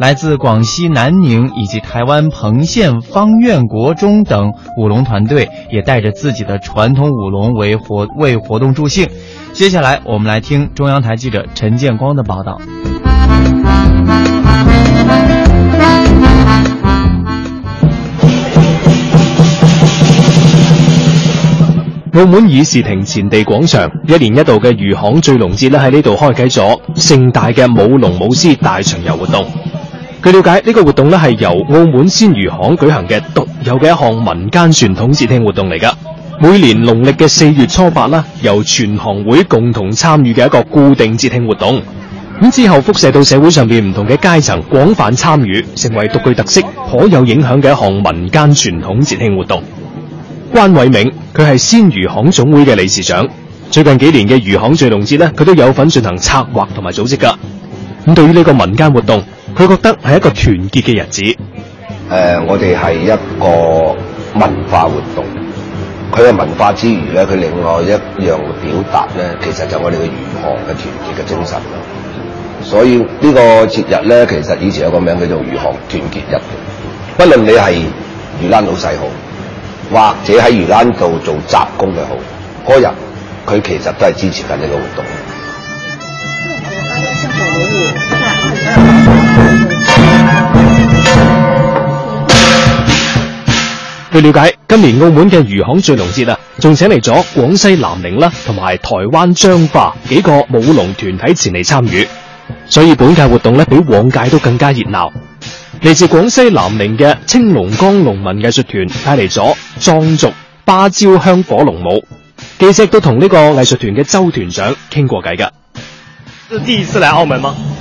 來自廣西南寧以及台灣澎縣方苑國中等舞龍團隊，也帶着自己的傳統舞龍為活為活動助興。接下來，我們來聽中央台記者陳建光的報道。澳門議事亭前地廣場，一年一度的魚行醉龍節咧，喺呢度開啟咗盛大嘅舞龍舞獅大巡遊活動。據了解呢、呢個活動咧，係由澳門鮮魚行舉行嘅獨有嘅一項民間傳統節慶活動嚟噶。每年農曆嘅四月初八啦，由全行會共同參與嘅一個固定節慶活動。咁之後輻射到社會上邊唔同嘅階層，廣泛參與，成為獨具特色、頗有影響嘅一項民間傳統節慶活動。關偉明，佢係鮮魚行總會嘅理事長。最近幾年嘅魚行醉龍節咧，佢都有份進行策劃同埋組織噶。咁對於呢個民間活動，佢覺得係一個團結嘅日子。呃，我哋係一個文化活動，佢嘅文化之餘咧，佢另外一樣嘅表達咧，其實就係我哋嘅漁行嘅團結嘅精神。所以個節呢個節日咧，其實以前有個名叫做漁行團結日。不論你係魚欄老細好，或者喺魚欄度做雜工嘅好，嗰日佢其實都係支持緊呢個活動。據了解，今年澳門嘅魚行醉龍節啊，仲請嚟咗廣西南寧啦，同埋台灣彰化幾個舞龍團體前嚟參與，所以本屆活動咧比往屆都更加熱鬧。嚟自廣西南寧嘅青龍江農民藝術團帶嚟咗壯族芭蕉香火龍舞，記者都同呢個藝術團嘅周團長傾過偈噶。是第一次嚟澳門嗎？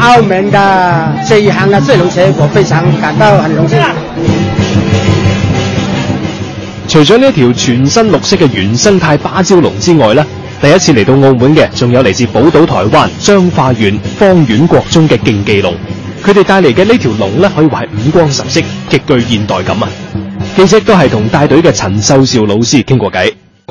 澳門的魚行啊，醉龍節，我非常感到很榮幸。除咗呢一條全新綠色嘅原生態芭蕉龍之外呢，第一次嚟到澳門嘅，仲有嚟自寶島台灣彰化縣方圓國中嘅競技龍。佢哋帶嚟嘅呢條龍呢，可以話係五光十色，極具現代感啊！記者都係同帶隊嘅陳秀少老師傾過偈。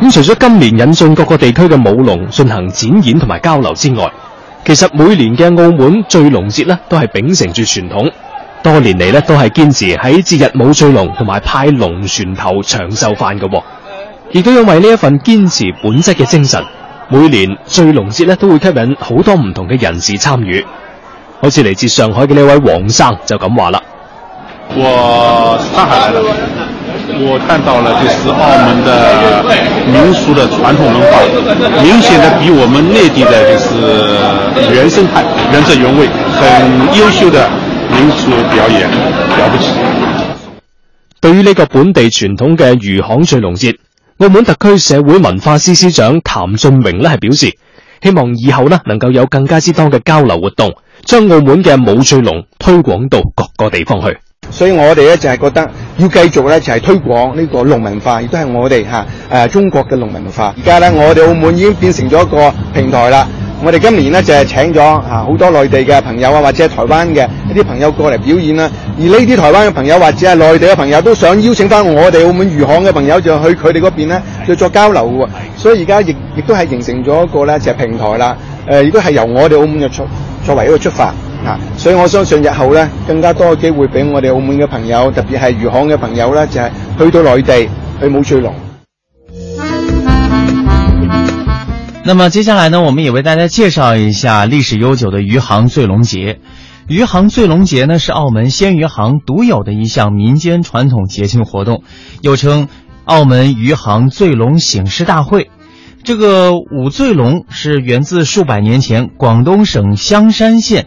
咁除咗今年引進各個地區嘅舞龍進行展演同埋交流之外，其實每年嘅澳門醉龍節咧都係秉承住傳統，多年嚟咧都係堅持喺節日舞醉龍同埋派龍船頭長壽飯嘅，亦都因為呢一份堅持本質嘅精神，每年醉龍節咧都會吸引好多唔同嘅人士參與，好似嚟自上海嘅呢位黃生就咁話啦：哇我看到了，就是澳門的民俗的傳統文化，明顯的比我們內地的，就是原生態、原汁原味，很優秀的民俗表演，了不起。對於呢個本地傳統嘅魚行醉龍節，澳門特區社會文化司司長譚俊榮咧係表示，希望以後咧能夠有更加之多嘅交流活動，將澳門嘅舞醉龍推廣到各個地方去。所以我哋咧就係覺得。要繼續咧就係推廣呢個農文化，亦都係我哋、啊、中國嘅農文化。而家咧，我哋澳門已經變成咗一個平台啦。我哋今年咧就係、是、請咗好多內地嘅朋友啊，或者係台灣嘅一啲朋友過嚟表演啦。而呢啲台灣嘅朋友或者係內地嘅朋友都想邀請翻我哋澳門魚行嘅朋友就去佢哋嗰邊咧就作交流喎。所以而家亦亦都係形成咗一個咧就係、是、平台啦。亦、呃、都係由我哋澳門作為一個出發。啊！所以我相信，日後呢更加多嘅機會俾我哋澳門嘅朋友，特別係魚行嘅朋友啦，就係、是、去到內地去舞醉龍。那麼接下來呢，我們也為大家介紹一下歷史悠久的魚行醉龍節。魚行醉龍節呢，是澳門鮮魚行獨有的一項民間傳統節慶活動，又稱澳門魚行醉龍醒獅大會。這個舞醉龍是源自數百年前廣東省香山縣，